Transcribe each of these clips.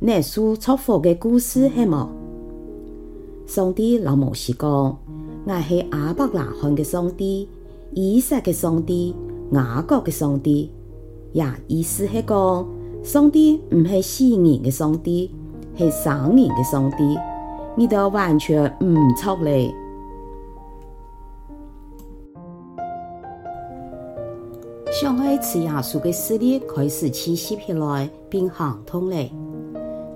耶穌出貨嘅故事係麼？上帝老母係講，𠊎 係亞伯拉罕嘅上帝，以色列嘅上帝，雅各嘅上帝，也意思係講上帝唔係四年嘅上帝，係三年嘅上帝，你都完全唔錯咧。上海吃耶穌嘅屍體開始清洗起來，並行通咧。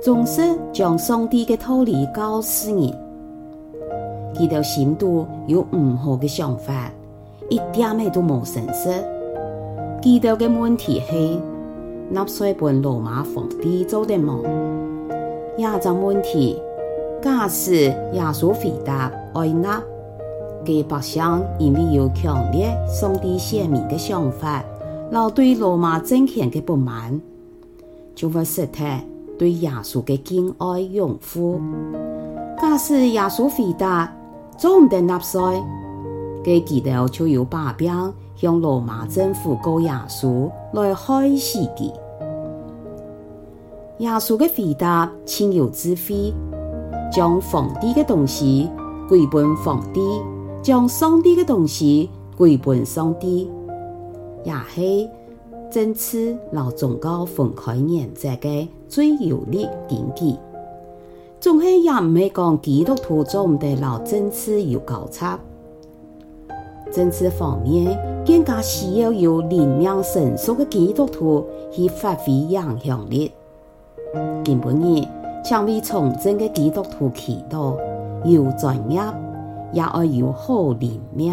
總是將上帝的道理教示人，佢條心度有唔好的想法，一點仔都沒誠實。佢條問題係納稅本羅馬皇帝做的夢，亞洲問題，假使耶穌回答愛納，佢白想因為有強烈上帝先明的想法，有對羅馬政權的不滿，就會識他對耶穌的敬愛擁護，假使耶穌回答，做唔定納稅，佢記得就有把柄，向羅馬政府告耶穌來開示佢。耶穌的回答清有智慧，將皇帝嘅東西歸還皇帝，將上帝嘅東西歸還上帝，亞希。政治老宗教分開念，這個最有利時機，總係也唔係講基督徒做唔得了真有，老政治有交叉。政治方面更加需要有力量，成熟的基督徒去發揮影響力。根本呢，想為從政嘅基督徒祈禱，要專業，也要有好靈命。